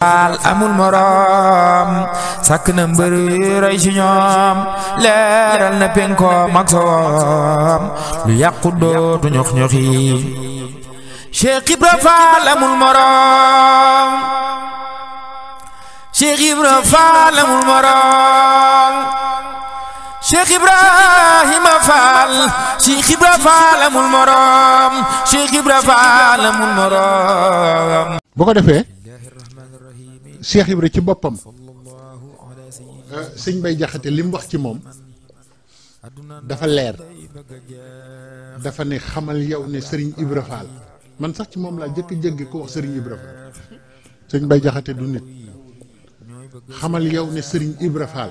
amul moroom sàkk na mbër yu rëy ci ñoom leeral na penkoom ak soom lu yàqu dootu ñox ñoxi Cheikh Ibra Fall amul moroom Cheikh Ibra Fall amul moroom Cheikh Ibrahima Fall Cheikh Ibra Fall amul moroom Cheikh Ibra Fall amul moroom boo ko defee Cheikh Ibra ci boppam eh, sëñ Bay Jaxate li mu wax ci moom dafa leer dafa ne xamal yow ne sëriñ Ibra Faal man sax ci moom laa jëkk jéggi ko wax sëriñ Ibra Faal sëñ Bay Jaxate du nit xamal yow ne sëriñ Ibra Faal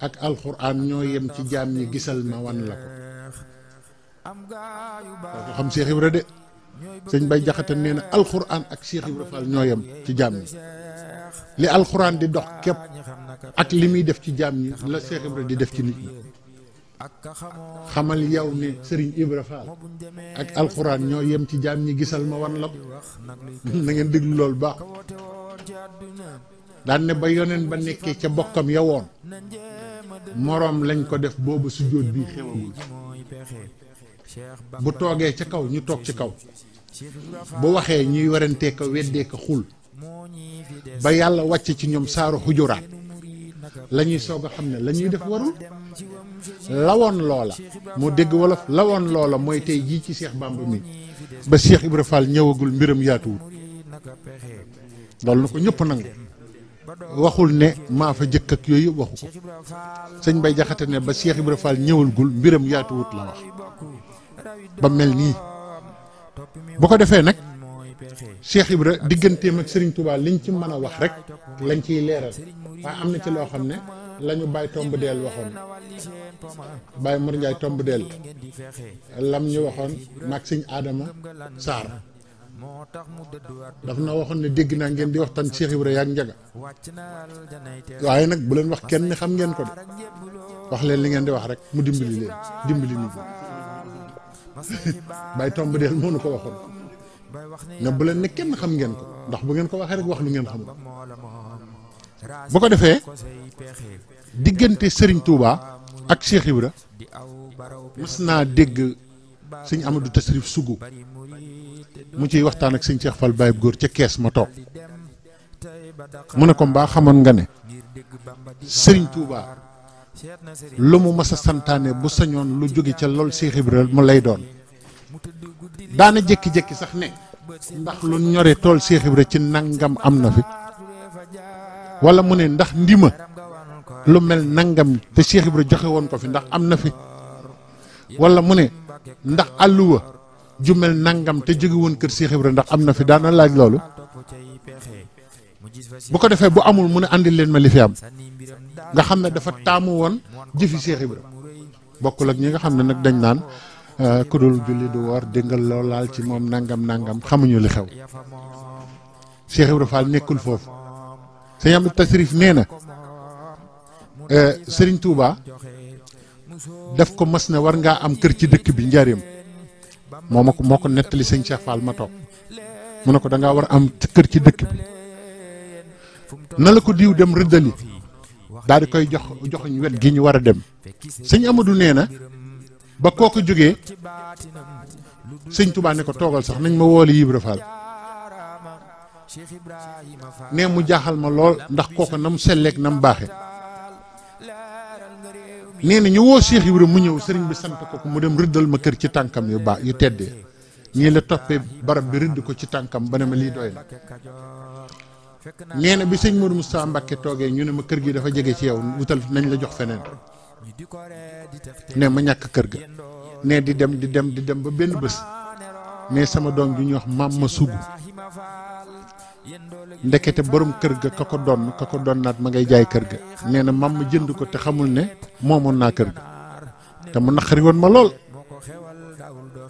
ak alxuraan ñoo yem ci jaam ñi gisal ma wan la ko ko xam Cheikh Ibra de sëñ Bay Jaxate nee na alxuraan ak Cheikh Ibra Faal ñoo yem ci jaam ñi li alxuraan di dox képp ak li muy def ci jaam ñi la Seex Ibra di def ci nit ñi xamal yow ne Serigne Ibra Fall ak alxuraan ñoo yem ci jaam ñi gisal ma wan la na ngeen déglu loolu baax daan ne ba yoneen ba nekkee ca bokkam ya moroom lañ ko def boobu sujjóot bii xewagul bu toogee ca kaw ñu toog ci kaw bu waxee ñuy warantee ko weddee ko xul ba yàlla wàcce ci ñoom saaru xujuraat la ñuy soog a xam ne la ñuy def warul lawoon loola moo dégg wolof lawoon loola mooy tey jii ci Cheikh Bamba mi ba Cheikh Ibra Fall ñëwagul mbiram yaatuwul loolu na ko ñëpp nangu waxul ne maa fa jëkk ak yooyu waxu ko sëñ Bay Jaxate ne ba Cheikh Ibra Fall ñëwagul mbiram yaatuwut la wax ba mel nii bu ko defee nag Cheikh Ibra digganteem ak Serigne Touba liñ ci mën a wax rek lañ ciy leeral waaye am na ci loo xam ne la ñu Baye Tomb Deel waxoon Baye Mor Ndiaye Tomb Deel lam ñu waxoon maag Sëñ Adama Sarr daf na waxoon ne dégg naa ngeen di waxtaan Cheikh Ibra yaag njaga waaye nag bu leen wax kenn xam ngeen ko de wax leen li ngeen di wax rek mu dimbali leen dimbali nit ñi Baye Tomb Deel moo nu ko waxoon. nga bu leen ne kenn xam ngeen ko ndax bu ngeen ko waxee rek wax lu ngeen xamul bu ko defee diggante sëriñ Touba ak Cheikh Ibra mës naa dégg sëñ Amadou Tasrif Sougou mu ciy waxtaan ak sëñ Cheikh Fall Baye góor ca kees ma toog mu ne ko mbaa xamoon nga ne Serigne Touba lu mu mës a santaane bu sañoon lu jóge ca lool Cheikh Ibra mu lay doon daana jékki-jékki sax ne. ndax lu ñore tool Cheikh rek ci nangam am na fi wala mu ne ndax ndima lu mel nangam te Cheikh Ibra joxe woon ko fi ndax am na fi wala mu ne ndax àlluwa ju mel nangam te jóge woon kër Cheikh Ibra ndax am na fi daana laaj loolu bu ko defee bu amul mu ne andil leen ma li fi am nga xam ne dafa taamu woon jëfi Cheikh Ibra bokkul ak ñi nga xam ne nag dañ naan Euh, kudul julli du woor dingal loo laal ci moom nangam nangam xamuñu li xew Cheikh Ibra Fall nekkul foofu sëñ Amdi Tasrif nee na euh, Serigne Touba daf ko mas ne war ngaa am kër ci dëkk bi njaareem moo ma ko moo ko nettali sëñ Cheikh Fall ma toog mu ne ko da ngaa war am kër ci dëkk bi na la ko diw dem rëddali daal di koy jox joxuñ wet gi ñu war a dem sëñ Amadou nee na. ba koo kooku jógee sëñ Tuubaa ne ko toogal sax nañ ma woole Ibra Faal ne mu jaaxal ma lool ndax kooku na mu selleek na mu baaxe nee na ñu woo Cheikh Ibra mu ñëw sëriñ bi sant ko mu dem rëddal ma kër ci tànkam yu baax yu teddee nii la toppee barab bi rëdd ko ci tànkam ba ne ma lii doy na nee na bi sëñ Modou saa Mbacké toogee ñu ne ma kër gi dafa jege ci yow wutal nañ la jox feneen ne ma ñàkk kër ga ne di dem di dem di dem ba benn bés ne sama doom ju ñuy wax maam ma sugu ndekete borom kër ga ka ko doon ka ko doon naat ma ngay jaay kër ga nee na maam ma jënd ko te xamul ne moomoon naa kër ga te mu naqari woon ma lool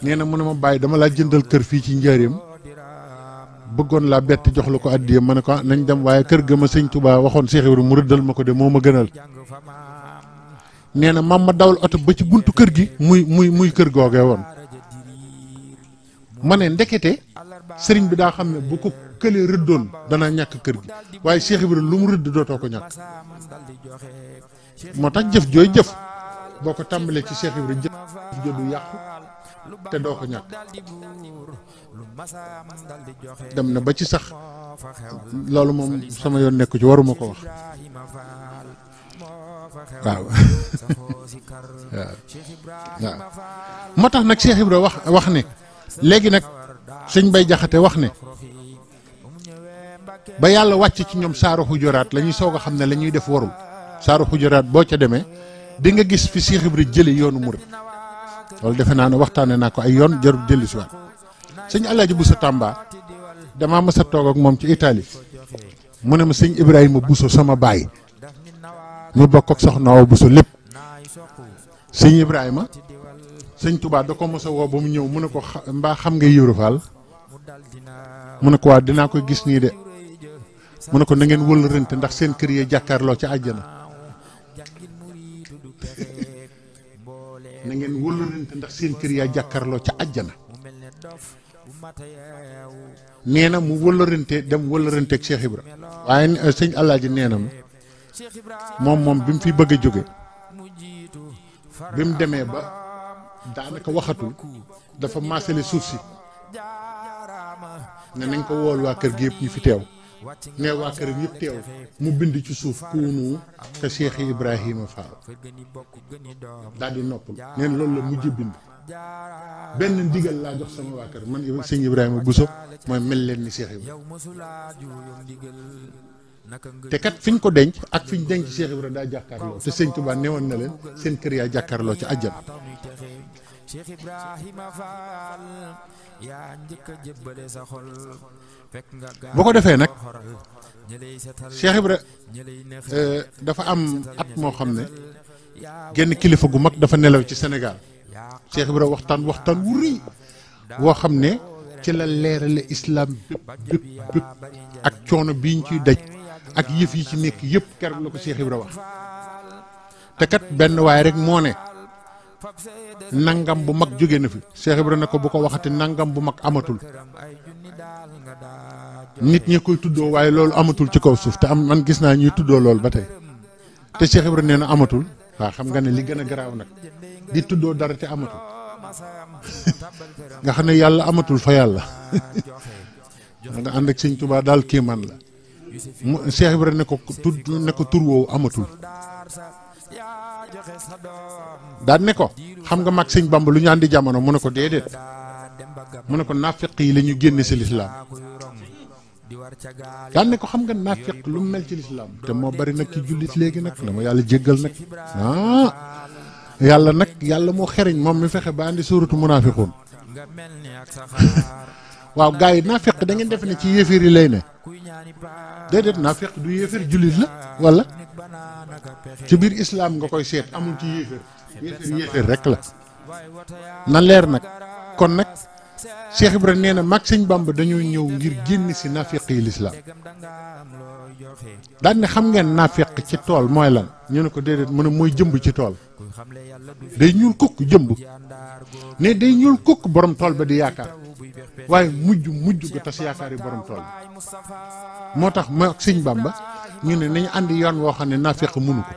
nee na mu ne ma bàyyi dama laa jëndal kër fii ci njëriñam bëggoon laa bett jox la ko addiya ma ne ko ah nañ dem waaye kër ga ma sëñ Tuubaa waxoon Seex Ibra mu rëddal ma ko de moo ma gënal nee na mam ma dawal oto ba ci buntu kër gi muy muy muy kër googee woon ma ne ndekete sëriñ bi daa xam ne bu ko këlee rëddoon dana ñàkk kër gi waaye Cheikh Ibrahima lu mu rëdd dootoo ko ñàkk moo tax jëf jooy jëf boo ko tàmbalee ci Cheikh Ibrahima jëf jëf du yàqu te doo ko ñàkk dem na ba ci sax loolu moom sama yoon nekku ci waruma ko wax waaw waaw moo tax nag Cheikh Ibra wax wax ne léegi nag sëñ Bay Jaxate wax ne ba yàlla wàcc ci ñoom saaru xujuraat la ñuy soog a xam ne la ñuy def warul saaru xujuraat boo ca demee di nga gis fi Cheikh Ibra jële yoonu murit loolu defe naa ne waxtaane naa ko ay yoon jarul jëli si waat sëñ Alaaji Buso Tàmba damaa mës a toog ak moom ci Italie mu ne ma sëñ Ibrahima Buso sama baay mu bokk ak soxna Awa Bousso lépp sëñ Ibrahima sëñ Touba da ko mos woo ba mu ñëw mu ne ko mbaa xam nga Yoro Fall mu ne ko waa dinaa ko gis nii de mu ne ko na ngeen wëlërante ndax seen kër yee jàkkaarloo ca àjjana na ngeen wëlërante ndax seen kër ca àjjana nee mu wëlërante dem wëlërante ak Cheikh Ibra waaye sëñ Alaaji nee ma moom moom bi mu fi bëgg a jóge bi mu demee ba daanaka waxatul dafa maasale suuf si ne nañ ko wool waa kër gi yëpp ñu fi teew ne waa kër yëpp teew mu bind ci suuf kuunu ka Cheikh Ibrahima Fall daal di noppal neen loolu la mujj bind benn ndigal laa jox sama waa kër man sëñ Ibrahima Bousso mooy mel leen ni Cheikh ma te kat fi ñu ko denc ak fi ñu denc Cheikh Ibrahima daa jàkkaarloo te sëñ ne woon na leen seen kër yaa jàkkaarloo ci àjjana. Cheikh Ibrahima Fall yaa njëkk a jébbale sa xol fekk nga boo ko defee nag Cheikh Ibra eh, dafa am at moo xam ne genn kilifa gu mag dafa nelaw ci Sénégal Cheikh Ibra waxtaan waxtaan wu rëy woo xam ne ci la leerale islaam bépp bépp ak coono bi ñu ciy daj. ak yëf yi ci nekk yëpp keroog la ko Cheikh Ibra wax te kat benn waaye rek moo ne nangam bu mag jóge na fi Cheikh Ibra ne ko bu ko waxati nangam bu mag amatul nit ñi koy tuddoo waaye loolu amatul ci kaw suuf te am man gis naa ñuy tuddoo lool ba tey te Cheikh Ibra nee na amatul waaw xam nga ne li gën a garaaw nag di tuddoo dara te amatul nga xam ne yàlla amatul fa yàlla. nga ànd ak sëñ Tuubaa daal kéemaan la. mu Cheikh Ibrahima ne ko tudd ne ko tur woowu amatul daan ne ko xam nga mag sëñ Bamba lu ñu àndi jamono mu ne ko déedéet mu ne ko naafeq yi la ñu génne si lislaam daan ne ko xam nga naafeq lu mu mel ci lislaam te moo bari nag ci jullit léegi nag na ma yàlla jéggal nag ah yàlla nag yàlla moo xeriñ moom mu fexe ba andi suuratu munaafiqun waaw gars yi naafeq da ngeen ne ci yéefir yi lay ne déedéet naafeq du yéeféer jullit la wala ci biir islaam nga koy seet amul ci yéeféer yéeféer yéeféer rek la na leer nag kon nag Cheikh Ibra nee na mag sëñ Bamba dañoo ñëw ngir génn si naafeq yi lislaam daan ne xam ngeen naafeq ci tool mooy lan ñu ne ko déedéet mu ne mooy jëmb ci tool day ñuul kukk jëmb ne day ñuul kukk borom tool ba di yaakaar waaye mujj mujj ga tas yaakaar yi borom tool moo tax ma ak sëñ ba ñu ne nañu àndi yoon woo xam ne naafeq mënu ko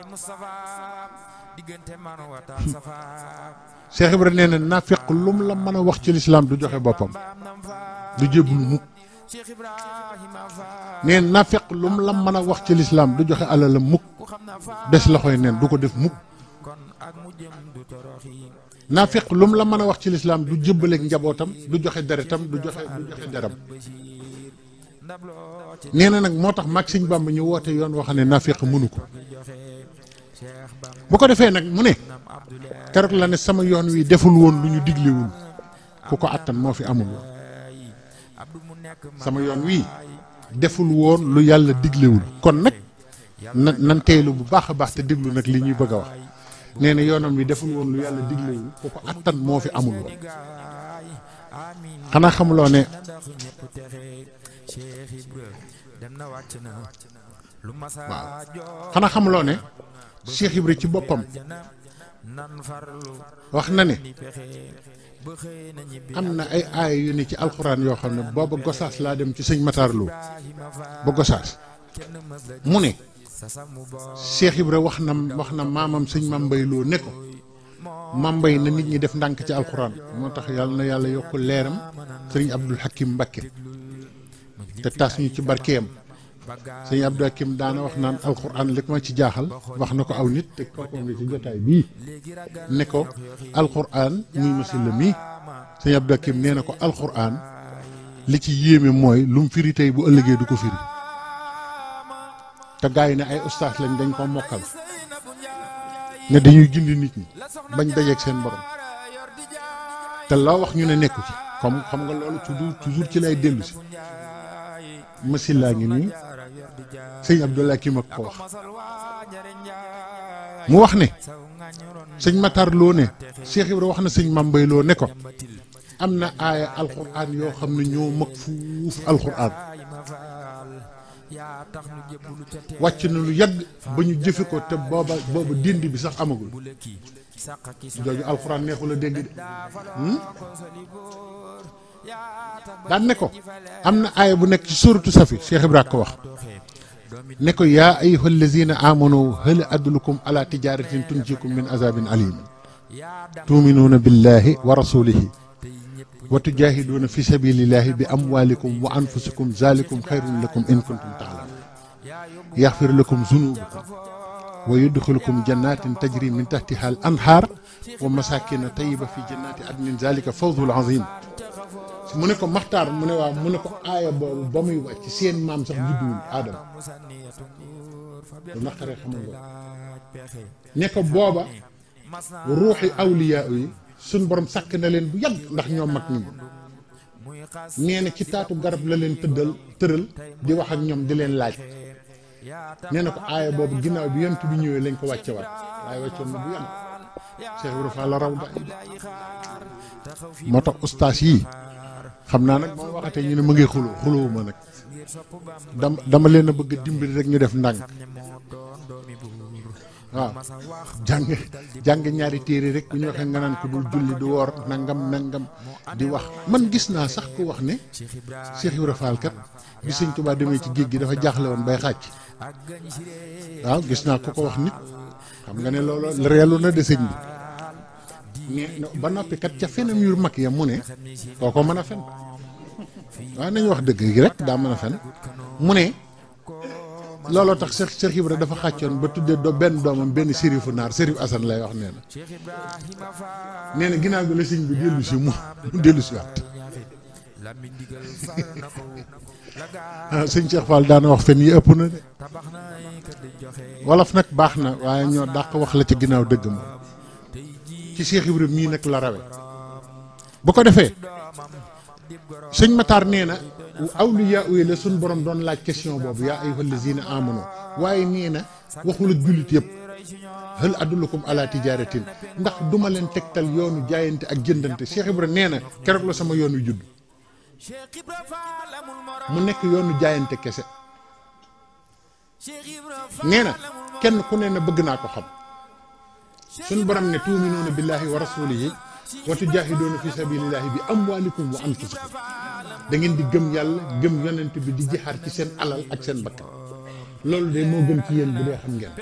Cheikh Ibrahima nee na naafeq lu mu la mën a wax ci lislaam du joxe boppam du jébbalu mukk nee naafeq lu mu la mën a wax ci lislaam du joxe alalam mukk des la koy neen du ko def mukk naafiq lu mu la mën a wax ci lislaam du jëbbaleek njabootam du joxe deretam du joxe du joxe deram nee na nag moo tax mag siñ Bàmba ñu woote yoon wax ne naafiq mënu ko bu ko defee nag mu ne keroog la ne sama yoon wii deful woon lu ñu diglewul ku ko àttan moo fi amul woon sama yoon wii deful woon lu yàlla diglewul kon nag na nan teelu bu baax a baax te déglu nag li ñuy bëgg a wax nee yoonam wi deful woon lu yàlla digle wu ko ko attan moo fi amul woon xanaa xamuloo ne waaw xanaa xamuloo ne Cheikh Ibra ci boppam wax na ne am na ay aaya yu ne ci alxuraan yoo xam ne booba gosaas laa dem ci sëñ Matar Lo ba gosaas mu ne Cheikh Ibra wax na wax na maamam sëñ Mambay loo ne ko Mambay na nit ñi def ndànk ci alxuraan moo tax yàlla na yàlla yokk leeram sëñ Abdul Hakim Mbakke te taas ñu ci barkeem sëñ Abdul Hakim daana wax naan alxuraan li ma ci jaaxal wax na ko aw nit te kookoon ci jotaay bii ne ko alxuraan muy masin la mii sëñ Abdul Hakim nee na ko alxuraan li ci yéeme mooy lu mu firi tey bu ëllëgee du ko firi te gars yi ne ay ustaas lañu dañ ko mokkal ne dañuy gindi nit ñi bañ dajeeg seen borom te loo wax ñu ne nekku ci comme xam nga loolu toujours toujours ci lay dellu si masil laa ngi nii sëñ Abdoulaye kii ma ko wax mu wax ne sëñ Matar loo ne Cheikh wax na sëñ Mambay loo ne ko am na aaya alxuraan yoo xam ne ñoo mag fuuf alxuraan wàcc na lu yàgg ba ñu jëfe ko te booba booba dindi bi sax amagul jooju alxuraan neexul a dégg de hmm? daan ne ko am na aaya bu nekk ci suuratu safi Cheikh Ibra ko wax ne ko yaa ayyuha allazina amanu hal adlukum ala tijaratin tunjikum min azabin alim tuminuuna billahi wa rasulihi wa tujaahiduuna fi sabilillahi bi amwaalikum wa anfusikum zalikum xayrun lakum in kuntum taalamun yaxfir lakum zunubakum wa yudxilukum jannatin tajri min tahtiha al anhaar wa masakina tayiba fi jannati adnin zalika fawzul azim mu ne ko maxtaar mu ne waaw mu ne ko aaya boobu ba muy wàcc seen maam sax judduwul aadama lu naqaree xamal loolu ne ko booba ruuxi awliyaa yi suñ borom sàkk na leen bu yàgg ndax ñoo mag ñi nee na ci taatu garab la leen tëddal tëral di wax ak ñoom di leen laaj nee na ko aaya boobu ginnaaw bi yent bi ñëwee lañ ko wàcce wat waaye wàccoon na bu yàgg Cheikh Ibra Fall la raw moo tax ustaas yii xam naa nag moo waxatee ñu ne ma ngi xuloo xuloo ma nag dama leen a bëgg dimbali rek ñu def ndànk waaw jàng jàng ñaari téere rek bu ñu waxee nga naan ko dul julli du woor nangam nangam di wax man gis naa sax ku wax ne Cheikh Ibra Fall kat bi sëñ Tuubaa demee ci géej gi dafa jaaxle woon bay xàcc waaw gis naa ku ko wax nit xam nga ne loolu reelu na de bi ba noppi ca fenam yu mag ya mu ne koo ko mën a fen waaw nañu wax dëgg gi rek daa mën a fen mu ne looloo tax Cheikh Cheikh dafa xàccoon ba tuddee do benn doomam benn sérifu naar sérif Assane lay wax nee na nee na ginnaaw bi la sëñ bi dellu si mu dellu si waat ah sëñ Cheikh Fall daana wax fen yi ëpp na de wolof nag baax na waaye ñoo dàq wax la ci ginnaaw dëgg ma ci Cheikh Ibra mii nag la rawe bu ko defee sëñ Matar nee na awliyaa yi la suñ borom doon laaj question boobu yaa ayyuhal lazina amanu waaye nee na waxul ak jullit yëpp hal adullukum ala tijaratin ndax duma leen tegtal yoonu jaayante ak jëndante Cheikh Ibra nee na keroog la sama yoon wi judd mu nekk yoonu jaayante kese nee na kenn ku ne na bëgg naa ko xam suñ borom ne tuuminuuna billahi wa rasulihi wa tujaahiduuna fi sabilillahi bi amwaalikum wa anfusikum da ngeen di gëm yàlla gëm yonent bi di jixaar ci seen alal ak seen bakkan loolu de moo gëm ci yéen bu dee xam ngeen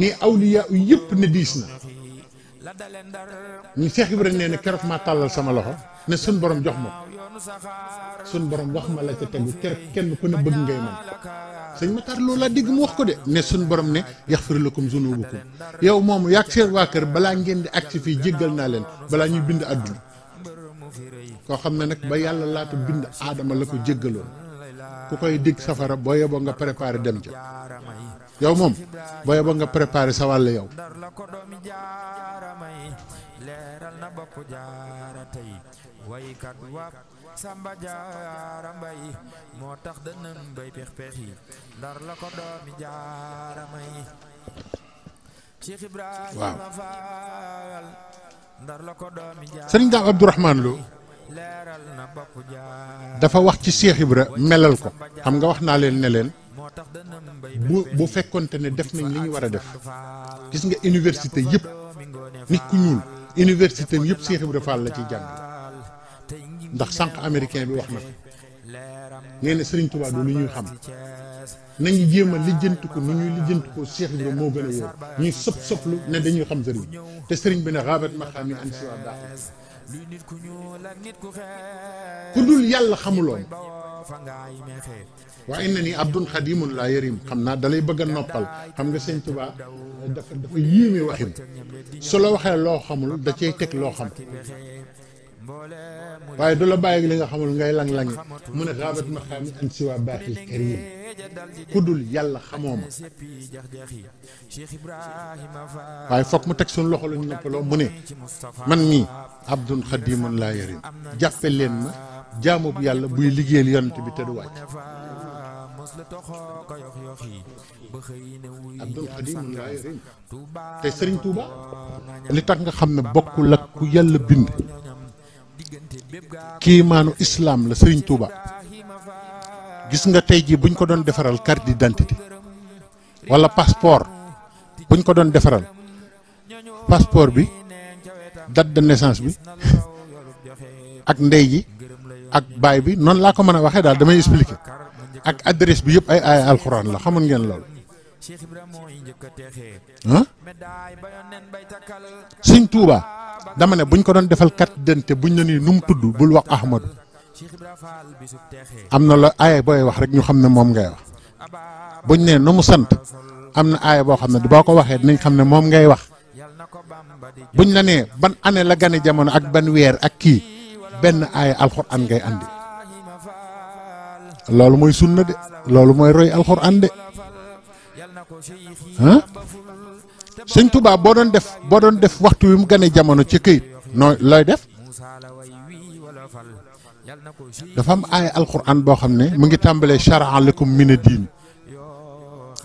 nii awliyaa yu yëpp ne diis na ñu Seex Ibra nee na keroog maa tàllal sama loxo ne sun borom jox ma ko sun borom wax ma la ca tegu keroog kenn ku ne bëgg ngay man sëñ Matar loolu laa dégg mu wax ko de ne suñ borom ne yaxfir lakum zunubukum yow moom yàgg seen waa kër balaa ngeen di àgg si fii jéggal naa leen balaa ñuy bind àdduna koo xam ne nag ba yàlla laata bind aadama la ko jéggaloon ku koy digg safara boo yeboo nga préparé dem ca yow moom boo yeboo nga préparé sa wàll yow leeral na bopp jaara tey waykat wa Samba Jaara Mbay moo tax dënnam bay pex yi ndar la ko doomi Jaara may Cheikh Ibrahima Faal ndar la ko doomi Jaara Sëriñ Daam Abdourahmane Lo leeral na bopp Jaara dafa wax ci Cheikh Ibra melal ko xam nga wax naa leen ne leen bu bu fekkonte ne def nañu li ñu war a def gis nga université yëpp nit ku ñuul université yëpp Cheikh Ibra Fall la ciy jàng ndax sànq américain bi wax na ko nee na Serigne Touba du lu ñuy xam nañu jéem a lijjanti ko nu ñuy lijjanti ko Cheikh Ibrahima moo gën a wóor ñuy sëp sëplu ne dañuy xam sëriñ te sëriñ bi ne raabat ma xam yi an siwa daax ku dul yàlla xamuloon waaye na ni abdun xadimun laa yarim xam naa dalay bëgg a noppal xam nga sëñ Touba dafa dafa yéeme waxin su la waxee loo xamul da cay teg loo xam waaye du la bàyyi li nga xamul ngay lang-langi mu ne raabat ma xaami an siwa baaxil karim kudul yàlla xamoo ma waaye foog mu teg suñ loxo luñ noppaloo mu ne man mii abdun xadimun laa yarin jàppe leen ma jaamub yàlla buy liggéeyal yonent bi te du wàcc abdul xadimun laa yarin te sëriñ Tuuba li tax nga xam ne bokkul ak ku yàlla bind kiimaanu islaam la Serigne Touba gis nga tey jii buñ ko doon defaral kar carte d'identité wala passeport buñ ko doon defaral passeport bi date de naissance bi ak ndey ji ak baay bi noonu laa ko mën a waxee daal damay expliquer ak adresse bi yëpp ay ay alxuraan la xamoon ngeen loolu. ah sëñ Tuuba dama ne buñ ko doon defal carte d'identité buñ la nii nu mu tudd bul wax Ahmadu am na la aaya booy wax rek ñu xam ne moom ngay wax buñ nee nu mu sant am na aaya boo xam ne boo ko waxee dinañ xam ne moom ngay wax buñ la nee ban année la gane jamono ak ban weer ak kii benn aaya alxuraan ngay andi loolu mooy sunna de loolu mooy roy alxuraan de sëñ Touba boo doon def boo doon def waxtu wi mu gane jamono ci këyit noo looy def dafa am aaya alquran boo xam ne mu ngi tàmbalee charaa mi mina diin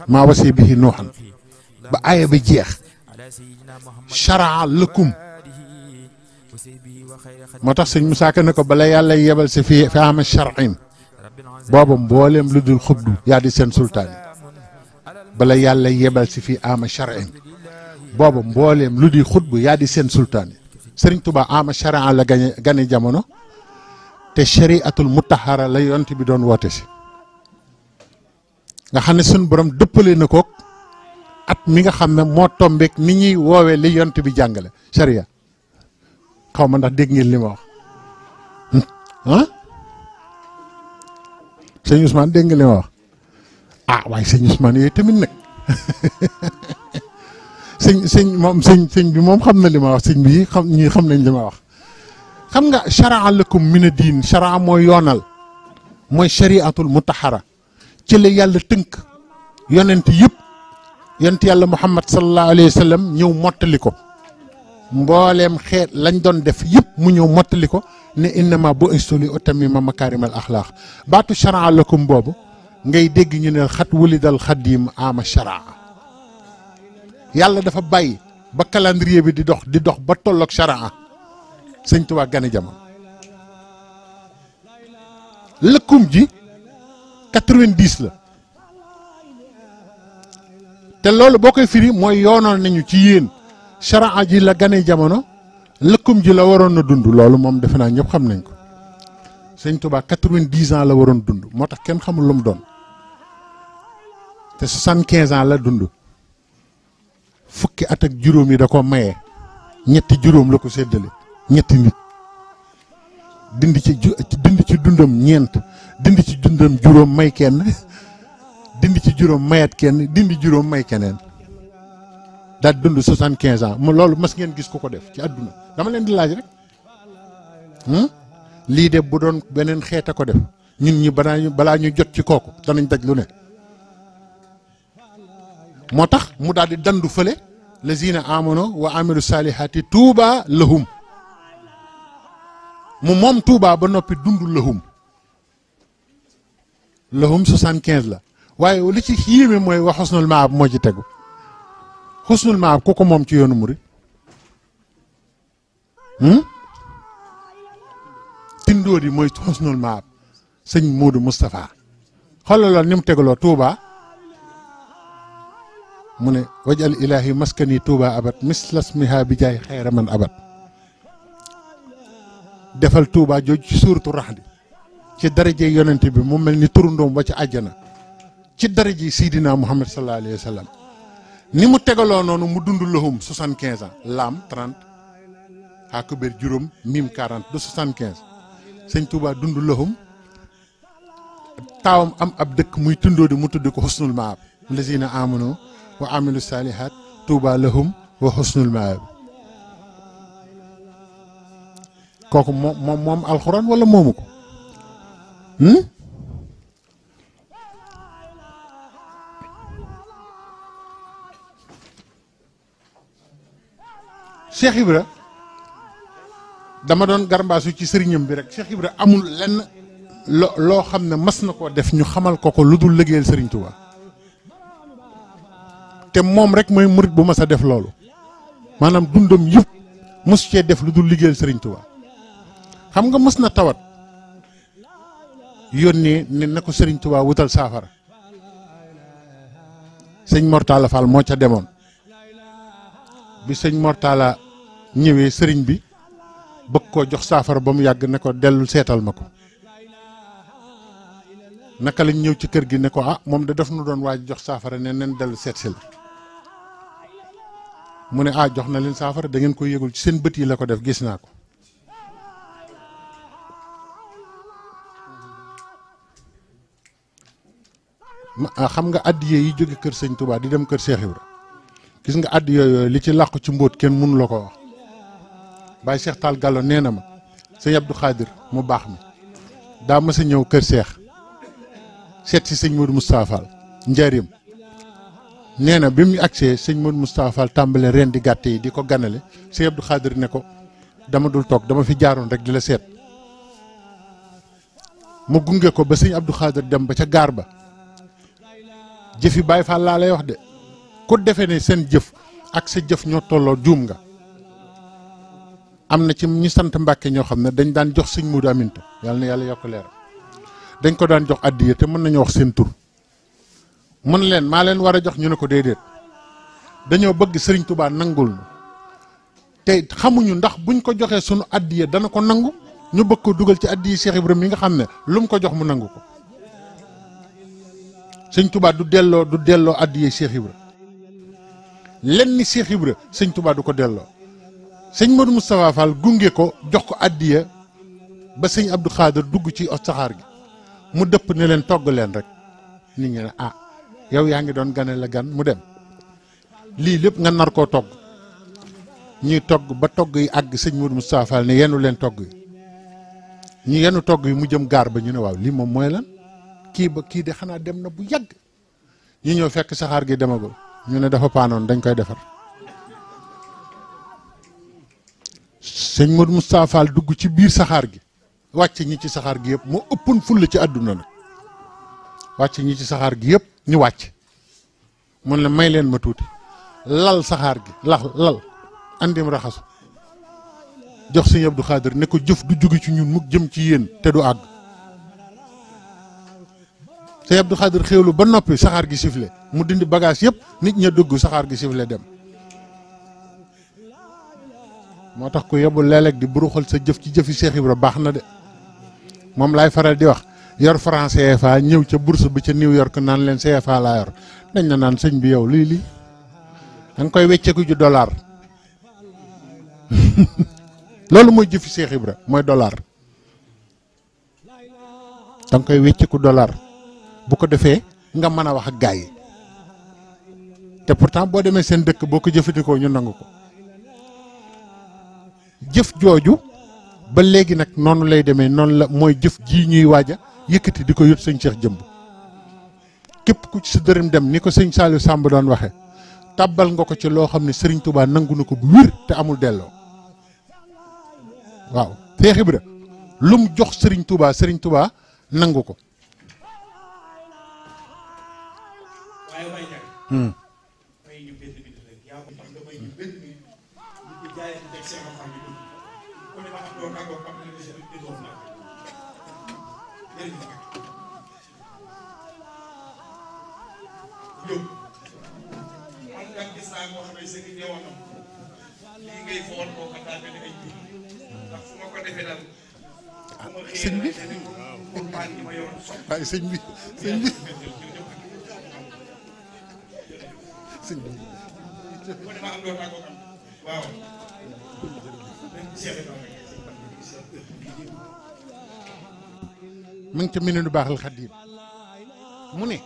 maa wasi bihi nuuxan ba aaya ba jeex charaa lakum moo tax sëñ Musaa Ka ne ko bala yàlla yebal si fii fi ama charin booba mbooleem lu dul xubdu yaa seen sultaan bala yàlla yebal si fii ama charin boobu mbooleem lu di xut bu yaa di seen sultaan yi sëriñ Tuubaa ama charin la gane gane jamono te chariatul mutahara la yont bi doon woote si nga xam ne suñ borom dëppale na kook at mi nga xam ne moo tombeek ni ñuy woowee li yont bi jàngale charia xaw ma ndax dégg ngeen li ma hmm? dégg nga li wax ah waaye sëñ Ousmane yooyu tamit nag sëñ sëñ moom sëñ sëñ bi moom xam na li ma wax sëñ bi xam ñii xam nañ li ma wax xam nga charaa lakum ne diin charaa mooy yoonal mooy chariatul mutahara ci la yàlla tënk yonent yëpp yonent yàlla muhammad sallallahu alayhi wa sallam ñëw mottali ko mbooleem xeet lañ doon def yëpp mu ñëw mottali ko ne innama bu istoli utamima makaarimal axlaaq baatu charaa lakum boobu ngay dégg ñu ne xat wulidal xadim ama sharaa yàlla dafa bàyyi ba calendrier bi di dox di dox ba tolloog sharaa sëñ Tuubaa gane jamono lëkkum ji quatre vingt la te loolu boo koy firi mooy yoonoon nañu ci yéen sharaa ji la gane jamono lëkkum ji la waroon na dund loolu moom defe naa ñëpp xam nañ ko sëñ Tuubaa quatre-vingt-dix la waroon dund moo tax kenn xamul lu mu doon te soixante-quinze ans la dund fukki at ak juróom yi da ko maye ñetti juróom la ko séddale ñetti nit dind ci dindi ci dundam ñeent dind ci dundam juróom may kenn dindi ci juróom mayat kenn dind juróom may keneen daal dund soixante-quinze ans mu loolu mas ngeen gis ku ko def ci àdduna dama leen di laaj rek hmm? lii de bu doon beneen xeet a ko def ñun ñi balaa ñu balaa ñu jot ci kooku danañ daj lu ne moo tax mu daal di dandu fële lazina amano wa amilu salihati tuuba lahum mu moom tuuba ba noppi dund lahum lahum soixante-quinze la waaye li ci yéeme mooy wax xusnul maab moo ci tegu xusnul maab ku ko moom ci yoonu murit hmm? tindóor yi mooy xusnul maab sëñ Moodu Moustapha xoolaloon ni mu tegaloo tuuba mu ne wajal ilaahi maskani tuuba abat mislas miha bi jaay xayra man abat defal tuuba jooju ci suuratu raxdi ci daraje yonent bi mu mel ni turundoom ba ci àjjana ci daraje Seydina Muhammad sallallahu alayhi wa sallam ni mu tegaloo noonu mu dund lahum soixante-quinze ans laam trente xaakubéer juróom mim quarante du soixante-quinze sëñ Touba dund lahum taawam am ab dëkk muy tundoo di mu tudd ko xusnul maab lazina amano wa amilu saalihaat tuuba lahum wa xusnul maab alxuraan wala moomu ko hmm? Cheikh Ibra dama doon garmbaasu ci sëriñam bi rek Cheikh Ibra amul lenn lo loo xam ne mas na koo def ñu xamal ko ko lu dul liggéeyal sëriñ Tuuba te moom rek mooy murit bu mas a def loolu maanaam dundam yëpp mos cee def lu dul liggéeyal Serigne Touba xam nga mës na tawat yónnee ne na ko Serigne Touba wutal saafara sëñ Mortala Fall moo ca demoon bi sëñ Mortala ñëwee sëriñ bi bëgg koo jox saafara ba mu yàgg ne ko dellu seetal ma ko naka lañ ñëw ci kër gi ne ko ah moom de daf nu doon waaj jox saafara ne nen dellu seet si la mu ne ah jox na leen saafara da ngeen koy yégul ci seen bët yi la ko def gis naa ko ah, xam nga addiye yi jóge kër sëñ Touba di dem kër Cheikh Ibra gis nga addiye yooyu li ci làqu ci mbóot kenn mënu la ko wax Baye Cheikh Tall Gallo nee na ma sëñ Abdou Khadir mu baax mi daa mës a ñëw kër seex seet ci sëñ Modou Moustapha Fall njaarim nee na bi mu agsee sëñ Modou Moustapha Fall tàmbale reen di gàtt yi di ko ganale sëñ Abdou Khadir ne ko dama dul toog dama fi jaaroon rek di la seet mu gunge ko ba sëñ Abdou Khadir dem ba ca gaar ba jëfi Baye Fall laa lay wax de ku defee ne seen jëf ak sa jëf ñoo tolloo juum nga am na ci ñu sant Mbàkke ñoo xam ne dañ daan jox sëñ Modou Aminta yàlla na yàlla yokk leer dañ ko daan jox addiya te mën nañu wax seen tur mën leen maa leen war a jox ñu ne ko déedéet dañoo bëgg sëriñ tubaa nangul ñu te xamuñu ndax buñ ko joxee sunu addiya dana ko nangu ñu bëgg ko dugal ci addiya Cheikh Ibrahima mi nga xam ne lu mu ko jox mu nangu ko sëñ tubaa du delloo du delloo addiya Cheikh Ibrahima lenn Cheikh Ibrahima sëñ tubaa du ko delloo sëñ Modou Moustapha gunge ko jox ko addiya ba sëñ Abdou Khader dugg ci saxaar gi mu dëpp ne leen togg leen rek nit yow yaa ngi doon gane la gan mu dem lii lépp nga nar koo togg ñuy togg ba togg yi àgg sëñ Modou Moustapha Fall ne yenu leen togg yi ñu yenu togg yi mu jëm gaar ba ñu ne waaw lii moom mooy lan kii ba kii de xanaa dem na bu yàgg ñu ñëw fekk saxaar gi demagul ñu ne dafa paanoon dañ koy defar sëñ Modou Moustapha Fall dugg ci biir saxaar gi wàcc ñi ci saxaar gi yëpp moo ëppoon fulla ci àdduna nag wàcc ñi ci saxaar gi yëpp ñu wàcc mun la may leen ma tuuti lal saxaar gi lax lal andim raxasu jox sëñ du Khadir ne ko jëf du jóge ci ñun mukk jëm ci yéen te du àgg sëñ du Khadir xéwlu ba noppi saxaar gi sifle mu dindi bagage yëpp nit ña dugg saxaar gi sifle dem moo tax ko yebu léeg-léeg di buruxal sa jëf ci jëfi Cheikh Ibra baax na de moom laay faral di wax yor franc CFA ñëw ca bourse bi ca yor York naan leen CFA laa yor dañ na naan sëñ bi yow lii lii da koy wecceeku ju dollar loolu mooy jëfi Cheikh Ibra mooy dollar da koy wecceku dollar bu ko defee nga mën a wax ak gaa yi te pourtant boo demee seen dëkk boo ko jëfandikoo ñu nangu ko jëf jooju ba léegi nag noonu lay demee noonu la mooy jëf jii ñuy waaja yëkkati di ko yót sëñ Cheikh jëmb képp ku ci sa dërëm dem ni ko sëñ Saliou Samb doon waxe tàbbal nga ko ci loo xam ne sëriñ tubaa nangu na ko bu wér te amul delloo waaw Cheikh Ibra lu mu jox sëriñ Touba sëriñ Touba nangu ko. liggéey foon sëñ bi waaw sëñ bi sëñ bi. sëñ bi. waaw. mu ngi ca Minanu Baaxal Xadim mu ne.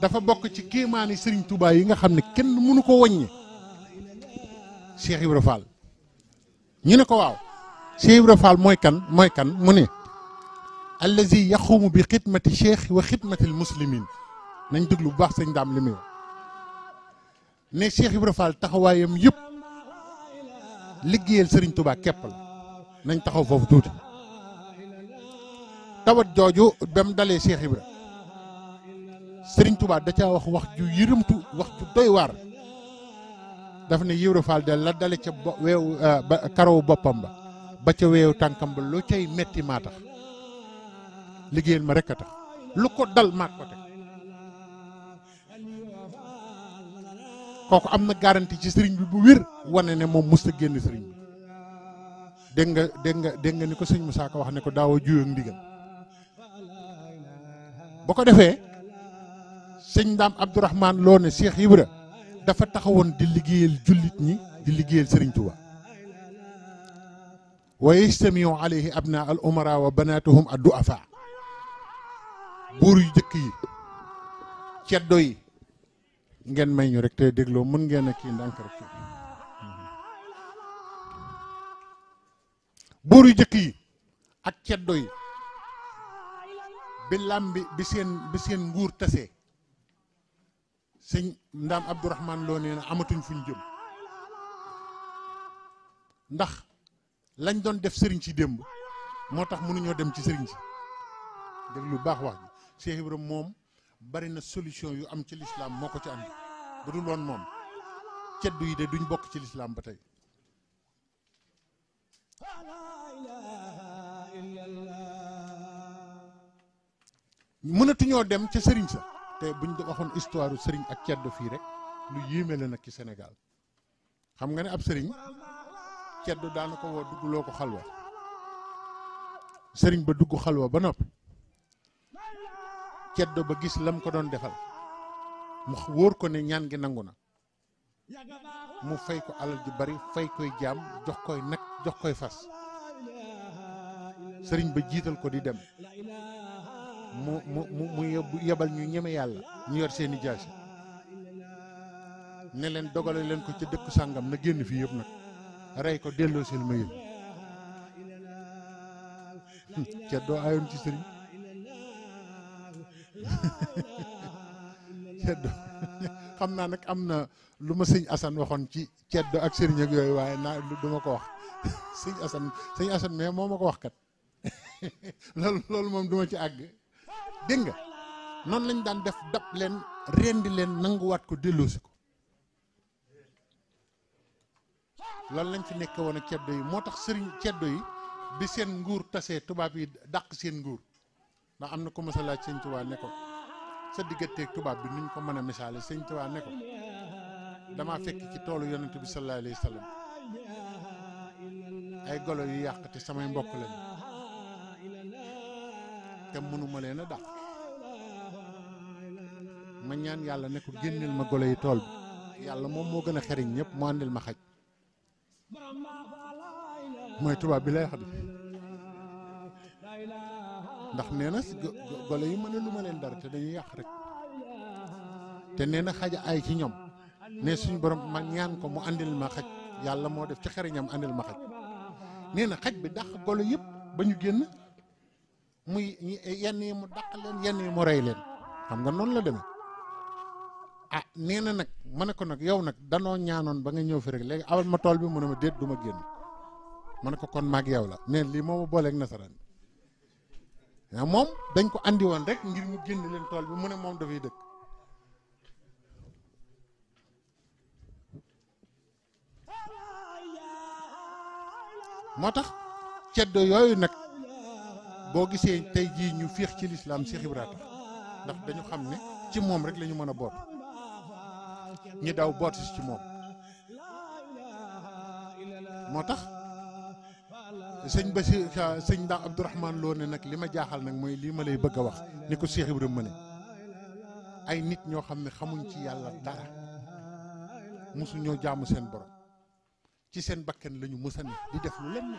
dafa bokk ci kéemaani Serigne Touba yi nga xam ne kenn mënu ko woññi Cheikh Ibra Fall ñu ne ko waaw Cheikh Ibra Fall mooy kan mooy kan mu ne allazi yaqumu bi xidmati cheikh wa xidmatil muslimin nañ déglu bu baax sëñ daam li muy wax ne Cheikh Ibra Fall taxawaayam yëpp liggéeyal Serigne Touba képp la nañ taxaw foofu tuuti tawat jooju ba mu dalee Cheikh Ibra sëriñ Touba da ca wax wax ju yërëmtu wax ju doy waar daf ne Ibra de la dale ca bo weewu euh, ba karawu boppam ba ba ca weewu tànkam ba lu cay metti maa tax liggéeyal ma rek a tax lu ko dal maa ko teg kooku am na garantie ci sëriñ bi bu wér wane ne moom mës génn sëriñ bi dégg nga dégg nga dégg nga ni ko sëriñ Moussa Ka wax ne ko daawoo juyoo ak ndigal bu ko defee. sëñ Ndaam Abdourahman loo ne Cheikh Ibra dafa taxawoon di liggéeyal jullit ñi di liggéeyal Sëriñ Tuubaa wa yastamiu alayhi abna al umara wa banatuhum addu afa buur yu jëkk yi ceddo yi ngeen may ñu rek tey dégloo mën ngeen a kii ndànk rek buur yu jëkk yi ak ceddo yi bi làmbi bi seen nguur tasee sëñ ndaam Abdourahman loo nee na amatuñ ñu jëm ndax lañ doon def sëriñ si démb moo tax mënuñoo dem ci sëriñ si dégg lu baax wax ji Cheikh moom bari na solution yu am ci lislaam moo ko ci andi bu dul woon moom ceddu yi de duñ bokk ci lislaam ba tey mënatuñoo dem ca sëriñ sa te buñ da waxoon histoire sëriñ ak ceddo fii rek lu yéeme la nag ci Sénégal xam nga ne ab sëriñ ceddo daana ko woo duggloo ko xalwa sëriñ ba dugg xalwa ba noppi ceddo ba gis lam ko doon defal mu wóor ko ne ñaan ngi nangu na mu fay ko alal ju bari fay koy jaam jox koy nag jox koy fas sëriñ ba jiital ko di dem mu mu mu mu yebal ñu ñeme yàlla ñu yor seeni jaasi ne leen dogale leen ko ci dëkk sàngam na génn fii yëpp nag rey ko delloo seen ma yëpp ceddoo ayoon ci sëriñ ceddoo xam naa nag am na lu ma sëñ Assane waxoon ci ceddoo ak sëriñ yooyu waaye naa du ma ko wax sëñ Assane sëñ Assane mais moo ma ko wax kat loolu loolu moom duma ci àgg dégg nga noonu lañ daan def dab leen rendi leen nanguwaat ko delloosi ko loolu lañ fi nekk woon ak ceddo yi moo tax sëriñ ceddo yi bi seen nguur tasee tubaab yi dàq seen nguur ndax am na ko mësa laaj sëñ Tuubaa ne ko sa digganteeg tubaab bi nuñ ko mën a misaale sëñ Tuubaa ne ko damaa fekk ci toolu yonent bi sallallahu alayhi wa ay golo yu yàq te samay mbokk lañ te mënuma leen a dàq ma ñaan yàlla ne ko génneel ma golo yi tool bi yàlla moom moo gën a xeriñ ñëpp mu àndil ma xaj mooy tubaab bi lay wax di ndax nee na golo yi mën a lu ma leen dara te dañuy yàq rek te nee na xaj ay ci ñoom ne suñu borom ma ñaan ko mu àndil ma xaj yàlla moo def ci xeriñam àndil ma xaj nee na xaj bi dàq golo yëpp ba ñu génn muy yenn yi mu dàq leen yenn yi mu rey leen xam nga noonu la demee a ah, nee na nag ma ne ko nag yow nag danoo ñaanoon ba nga ñëw fi rek léegi abal ma tool bi mu ne ma déet du ma génn ma ne ko kon maag yow la neen lii moo ma booleeg nasaraan bi ah, moom dañ ko andi woon rek ngir mu génn leen tool bi mu ne moom dafay dëkk moo tax ceddo yooyu nag boo gisee tey jii ñu fiix ci lislaam Cheikh Ibra tax ndax dañu xam ne ci moom rek lañu mën a boot ñi daw boot ci moom moo tax sëñ ba si sëñ ndax Abdourahman ne nag li ma jaaxal nag mooy lii ma lay bëgg a wax ni ko Cheikh Ibra mëne ay nit ñoo xam ne xamuñ ci yàlla dara mosu ñoo jaamu seen borom ci seen bakken lañu ñu mësa ne di def lu leen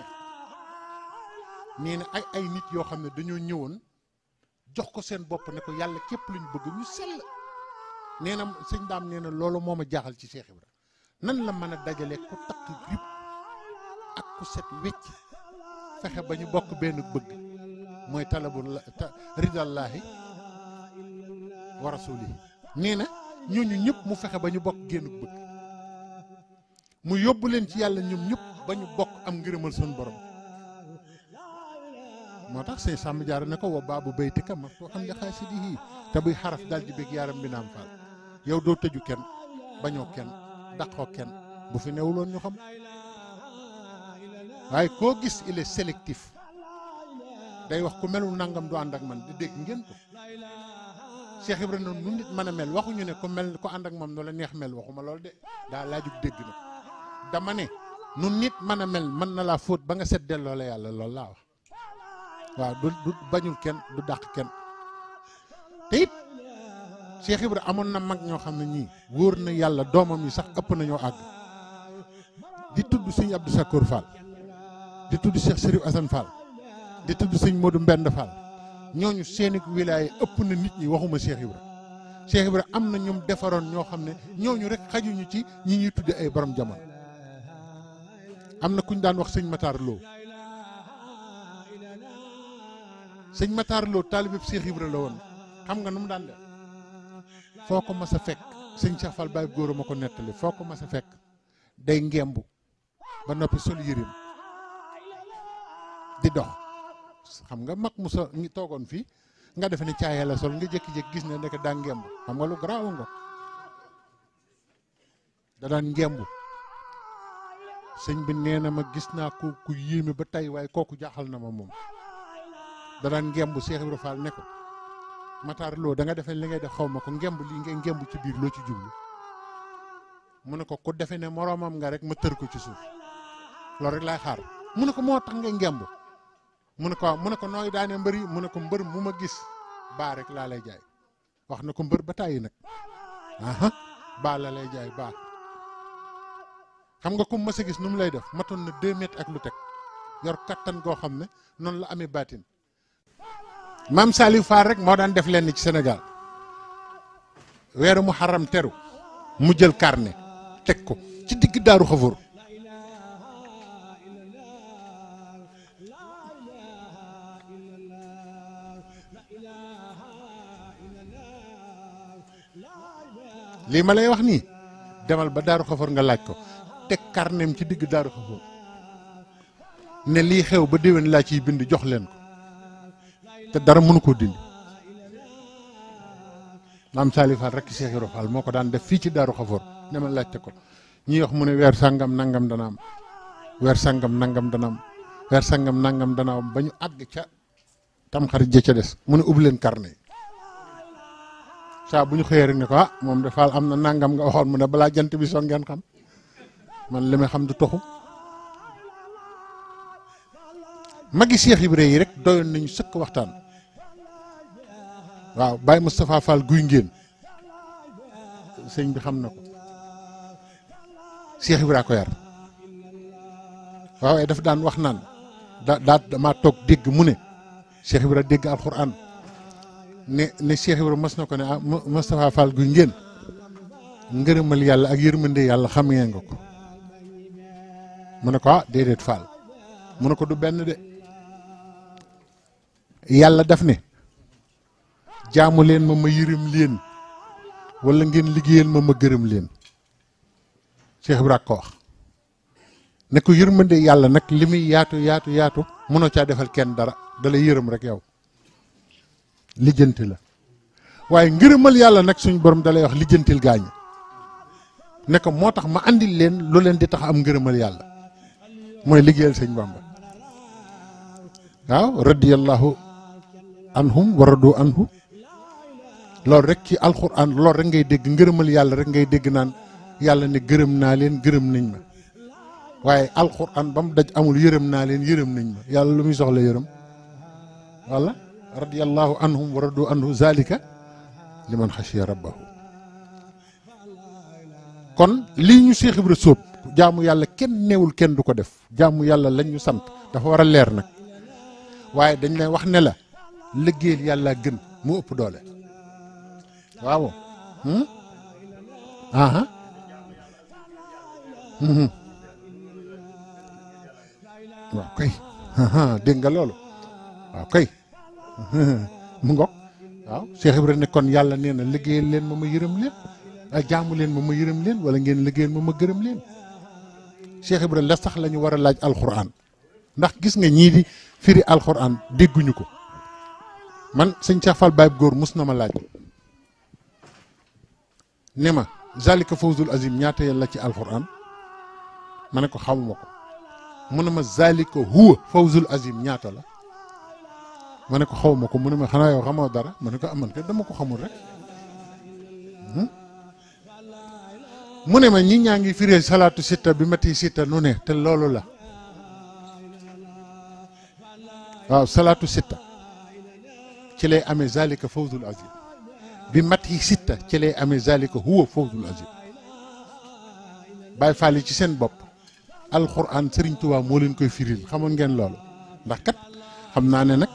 nee na ay ay nit yoo xam ne dañoo ñëwoon jox ko seen bopp ne ko yàlla képp lu ñu bëgg ñu sell nee na sëñ daam nee na loolu moo ma jaaxal ci Cheikh Ibra nan la mën a dajale ku takk grip ak ku set wecc fexe ba ñu bokk benn bëgg mooy talabul ridallaahi wa rasuli nee na ñooñu ñëpp mu fexe ba ñu bokk génn bëgg mu yóbbu leen ci yàlla ñoom ñëpp ba ñu bokk am ngërëmal seen borom moo tax sëñ Sàmm Jaara ne ko wa baabu baytika maftuuhan li xaasidihi te buy xaraf dal di bëgg yaram bi naam faal yow doo tëju kenn bañoo kenn daqoo kenn bu fi loon ñu xam waaye koo gis il est day wax ku melul nangam du ànd ak man di dégg ngeen ko Cheikh Ibrahima noonu nu nit mën a mel waxuñu ne ku mel ku ànd ak moom nu la neex mel waxuma lool de daa laajug dégg na dama ne nu nit mën a mel mën na laa fóot ba nga set delloo la yàlla loolu laa waaw du bañul kenn du dàq kenn te it Cheikh amoon na mag ñoo xam ne ñii wóor na yàlla doomam yi sax ëpp nañoo àgg di tudd sëñ Abdou Sakour Fall di tudd Cheikh Sérif Assane Fall di tudd sëñ Modou Mbend Fall ñooñu seeni wilaay ëpp na nit ñi waxuma Cheikh Ibra Cheikh Ibra am na ñoom defaroon ñoo xam ne ñooñu rek xajuñu ci ñi ñuy tudde ay borom jamono am na kuñ daan wax sëñ Matar Lo sëñ Matar Lo taalibeb Cheikh la woon xam nga nu mu daan def foo ko mas a fekk sëñ Cheikh Fall Baye góor ma ko nettali foo ko mas a fekk day ngembu ba noppi sol yërim di dox xam nga mag mu so ñu toogoon fii nga defe ne caaya la sol nga jékki-jékki gis ne ndeke daa ngemb xam nga lu garaaw nga da daan ngemb sëñ bi nee na ma gis naa ko ku yéeme ba tey waaye kooku jaaxal na ma moom da daan ngemb Cheikh Ibrahima Fall ne ko Matar Lo da nga defee li ngay def xaw ma ko ngemb lii ngay ngemb ci biir loo ci jublu mu ne ko ku defe ne moroomam nga rek ma tër ko ci suuf loolu rek laay xaar mu ne ko moo tax nga ngemb mu ne ko mu ne ko nooy daane mbër yi mu ne ko mbër mu ma gis baa rek laa lay jaay wax na ko mbër ba tàyyi nag aha baa la lay jaay baa xam nga kum ma sa gis nu mu lay def matoon na deux ak lu teg yor kattan goo xam ne noonu la amee baatin maam Saliou Fall rek moo daan def lenn ci Sénégal weeru mu xaram teru mu jël karne teg ko ci digg daaru xafoor lii ma lay wax nii demal ba daaru xafoor nga laaj ko teg carnetam ci digg daaru xafoor ne lii xew ba déwén laa ciy bind jox leen ko te dara mënu koo dindi maam Saali Fall rek Cheikh Ibra moo ko daan def fii ci Daaru Xafoor dama laajte ko ñuy wax mu ne weer sàngam nangam dana am weer sàngam nangam dana am weer nangam dana ba ñu àgg ca tamxarit ja ca des mu ne ubbi leen carnet saa bu ñu xëyee rek ne ko ah moom de Fall am na nangam nga waxoon mu ne balaa jant bi son ngeen xam man li may xam du toxu magi Cheikh Ibra yi rek doyoon nañu sëkk waxtaan waaw Baye Moustapha Fall guy ngéen sëñ bi xam na ko Cheikh Ibra ko yar waaw daf daan wax naan da daa damaa toog dégg mu ne Cheikh Ibra dégg alxuraan ne ne Cheikh Ibra mas na ko ne ah Moustapha guy ngéen ngërëmal yàlla ak yërmande yàlla xam ngeen nga ko mu ne ko ah déedéet Fall mu ne ko du benn de yàlla def ne jaamu leen ma ma yërëm leen walla ngeen liggéeyal ma ma gërëm leen Cheikh Ibra ko wax ne ko yërmande yàlla nag li muy yaatu yaatu yaatu mënoo caa defal kenn dara dalay yërëm rek yow lijjanti la waaye ngërëmal yàlla nag suñu borom dalay wax lijjantil gaañu ne ko moo tax ma andil leen lu leen di tax am ngërëmal yàlla mooy liggéeyal sëñ Bamba waaw radiyallahu anhum wa radu anhu loolu rek ci alxuraan loolu rek ngay dégg ngërëmal yàlla rek ngay dégg naan yàlla ne gërëm naa leen gërëm nañ ma waaye alxuraan ba mu daj amul yërëm naa leen yërëm nañ ma yàlla lu muy soxla yërëm walla radiyallahu anhum wa radu anhu zalika liman xashiya rabbahu kon lii ñu Seex Ibra sóob jaamu yàlla kenn newul kenn du ko def jaamu yàlla lañ ñu sant dafa war a leer nag waaye dañ lay wax ne la liggéeyal yàlla gën mu ëpp doole waaw ¿Mm? aha waaw dégg nga loolu waaw kay mu ngoog waaw ah, Cheikh Ibrahima ne yàlla nee na liggéeyal leen ma ma yërëm leen ak jaamu leen ma ma yërëm leen wala ngeen liggéeyal ma ma gërëm leen Cheikh Ibrahima la sax lañu ñu war a laaj alxuraan ndax gis nga ñii di firi alxuraan dégguñu ko man sëñ Cheikh Fall Baye góor mës na ma laaj ne ma zalika fawzul azim ñaata yàlla ci alquran ma ne ko xamuma ko mu ne ma zalika huwa fawzul azim ñaata la ma ne ko xawuma ko mu ne ma xanaa yow xamoo dara ma ne ko aman ah, ko dama ko xamul rek hmm? mu ne ma ñi ñaa ngi firee salaatu sitta bi mati sitta nu ne te loolu la waaw salaatu sitta ci lay amee zalika fawzul azim bi mat yi sitta ci lay amee zalika huwa fawzul azim bàyyi faal yi ci seen bopp alxuraan sëriñ tubaa moo leen koy firil xamoon ngeen loolu ndax kat xam naa ne nag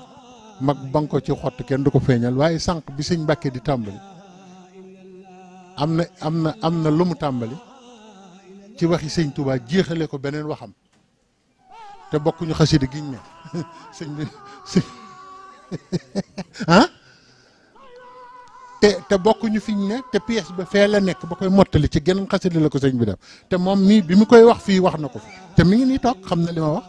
mag ba ko ci xotti kenn du ko feeñal waaye sànq bi sëñ Mbàkke di tàmbali am na am na am na lu mu tàmbali ci waxi sëñ tubaa jéexale ko beneen waxam te bokkuñu xasida giñ ne sëñ bi ah te te bokkuñu fi ñu ne te pièce ba fee la nekk ba koy mottali ci genn xasida la ko sëñ bi def te moom mii bi mu koy wax fii wax na ko fi te mu ngi nii toog xam na li ma wax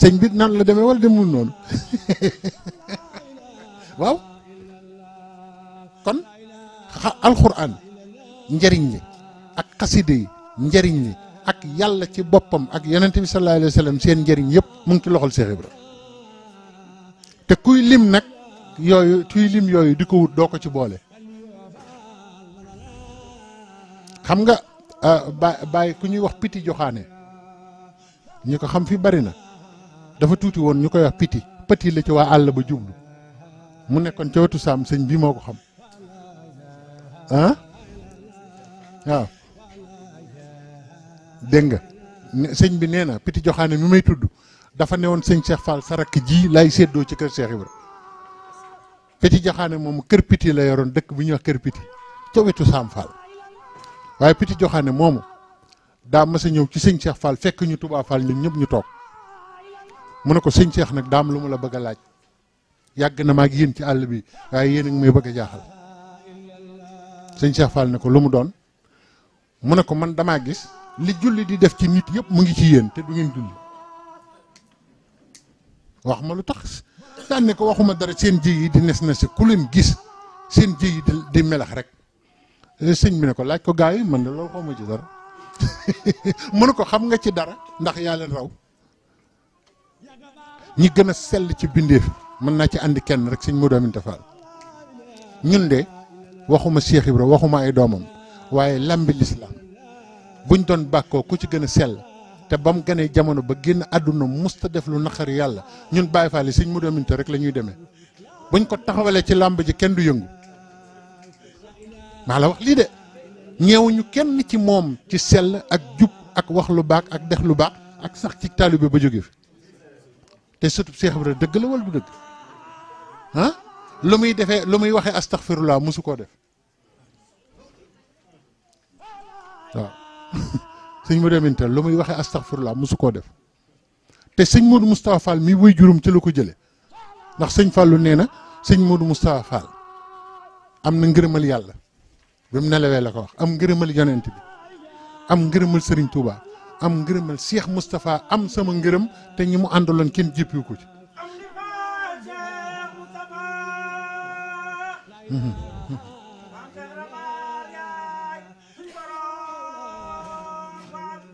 sëñ bi nan la demee wala demul noonu waaw kon alxuraan njëriñ li ak xasida yi njëriñ li ak yàlla ci boppam ak yonente bi sallallahu alayhi wa sallam seen njëriñ yëpp mu ngi ci loxol Seex Ibra yooyu tuy lim yooyu di ko wut doo ko ci boole xam nga ah, ba bàyyi ku ñuy wax piti joxaane ñu ko xam fi bari na dafa tuuti woon ñu koy wax piti pëti la ci waa àll ba jublu mu nekkoon ca wetu saam sëñ bi moo ko xam ah waaw dégg nga sëñ bi nee na piti joxaane mi may tudd dafa newoon sëñ Cheikh Fall sa rakk ji lay séddoo ci kër Cheikh Ibra ka ci joxaane moom kër piti la yoroon dëkk bu ñuy wax kër piti ca wetu Saam Fall waaye piti joxaane moomu daa mas a ñëw ci sëñ Cheikh Fall fekk ñu Touba Fall ñun ñëpp ñu toog mu ne ko sëñ nag daam lu mu la bëgg a laaj yàgg na maag yéen ci àll bi waaye yéen a may bëgg jaaxal sëñ Cheikh ne ko lu mu doon mu ne ko man damaa gis li julli di def ci nit yëpp mu ngi ci yéen te du ngeen julli wax ma lu tax daan ne ko waxuma dara seen jëy yi di nes na si ku leen gis seen jëy yi di di melax rek sëñ bi ne ko laaj ko gaa yi man de loolu xawma ci dara mënu ko xam nga ci dara ndax yaa leen raw ñi gën a sell ci bindeef mën naa ci andi kenn rek sëñ Modou Aminta Fall ñun de waxuma Cheikh Ibra waxuma ay doomam waaye lambi lislaam buñ doon bàkkoo ku ci gën a sell te ba mu ganee jamono ba génn àdduna musta def lu naqari yàlla ñun Baay Faal yi mu Modou Aminta rek la ñuy demee buñ ko taxawalee ci làmb ji kenn du yëngu maa la wax lii de ñeewuñu kenn ci moom ci sell ak jub ak wax lu baax ak dex lu baax ak sax ci taalibe ba jóge fi te sëtub Seex Ibra dëgg la wala du dëgg lu muy defee lu muy waxee astaxfirullah mosu koo def waaw sëñ Modou Amine Tall lu muy waxee astaghfirullah mosu koo def te sëñ Modou Moustapha Fall mi wuy juróom ci lu ko jëlee ndax sëñ Fallou nee na sëñ Modou Moustapha Fall am na ngërëmal yàlla bi mu nelawee la ko wax am ngërëmal yonent bi am ngërëmal Serigne Touba am ngërëmal Cheikh Moustapha am sama ngërëm te ñi mu àndaloon kenn jéppiwu ko ci.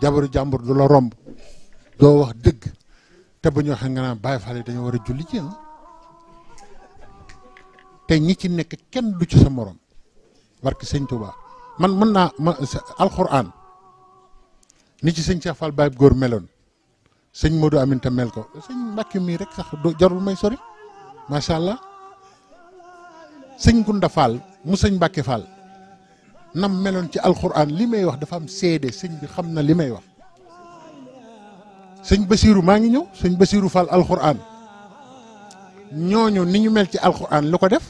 jabaru jàmbur du la romb doo wax dëgg te bu ñu waxee nga naan Baay Faal yi dañoo war a julli ci te ñi ci nekk kenn du ci sa morom barke sëñ Touba man mën naa ma alxuraan ni ci sëñ Cheikh Fall Baye góor meloon sëñ Modou Aminta mel ko sëñ Mbàkke mii rek sax doo jarul may sori macha allah sëñ Gunda Fall mu sëñ Mbàkke Fall. nam meloon ci alxuraan li may wax dafa am seede sëñ bi xam na li may wax sëñ Basiiru maa ngi ñëw sëñ Basiiru Fall alxuraan ñooñu ni ñu mel ci alxuraan lu ko def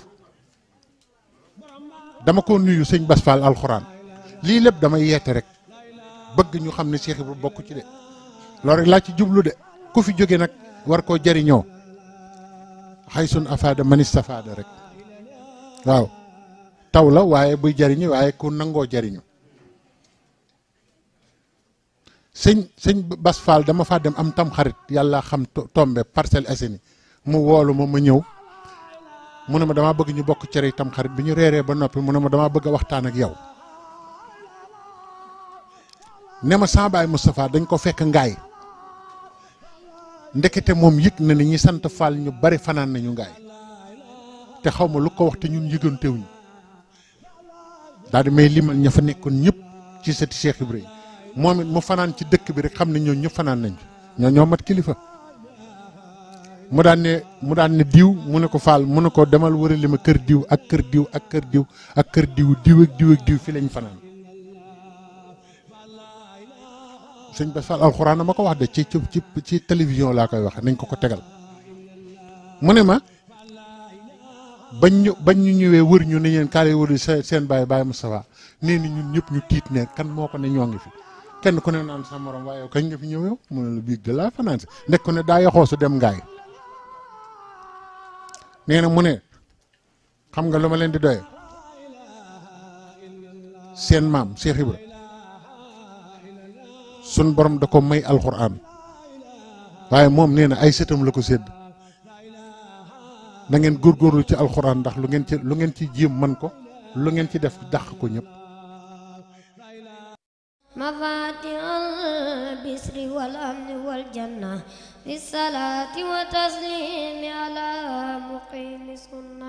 dama ko nuyu sëñ Bas Fall alxuraan lii lépp damay yeete rek bëgg ñu xam ne Cheikh Ibra bokk ci de loolu rek laa ci jublu de ku fi jóge nag war koo jariñoo xay sun afaada man istafaada rek waaw taw la waaye buy jariñu waaye ku nangoo jariñu sëñ sëñ Bas Fall dama faa dem am tamxarit yàlla xam tombe Parcelles Assainies mu woolu ma ma ñëw mu ne ma damaa bëgg ñu bokk cere tam xarit bi ñu reeree ba noppi mu ne ma damaa bëgg a waxtaan ak yow ne ma sama baay Moustapha dañ ko fekk ngaay ndekete moom yëg na ni ñi sant Fall ñu bari fanaan nañu ngaay te xaw ma lu ko wax te ñun yëgantewuñu daal di lii limal ña fa nekkoon ñëpp ci sëti Cheikh Ibrahima moom it mu fanaan ci dëkk bi rek xam ne ñoo ñëpp fanaan nañ ñoo ñoo mat kilifa mu daan ne mu daan ne diw mu ne ko faal mu ne ko demal wërale ma kër diw ak kër diw ak kër diw ak kër diw diw ak diw ak diw fi lañ fanaan sëñ Bass Fall alxuraan ma ko wax de ci ci ci télévision laa koy wax nañ ko ko tegal mu ne ma bañ ñu bañ ñu ñëwee wër ñu ne leen kaale wër seen baay mu Moustapha nee ni ñun ñëpp ñu tiit nee kan moo ko ne ñoo ngi fi kenn ku ne naan sa morom waaye kañ nga fi ñëw yow mu ne la biig de la finance nekk ku ne daa yaxoo su dem ngaay nee na mu ne xam nga lu ma leen di doye seen maam Cheikh Ibra sun borom da ko may alxuraan waaye moom nee na ay sëtam la ko sedd na ngeen góorgóorlu ci alxuraan ndax lu ngeen ci lu ngeen ci jéem man ko lu ngeen ci def dàq ko ñëpp mafatihal bisri wal amni wal janna bi salaati wa taslimi ala muqimi sunna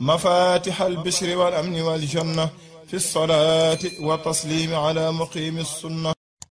mafatihal bisri wal amni wal janna fi salaati wa taslimi ala muqimi sunna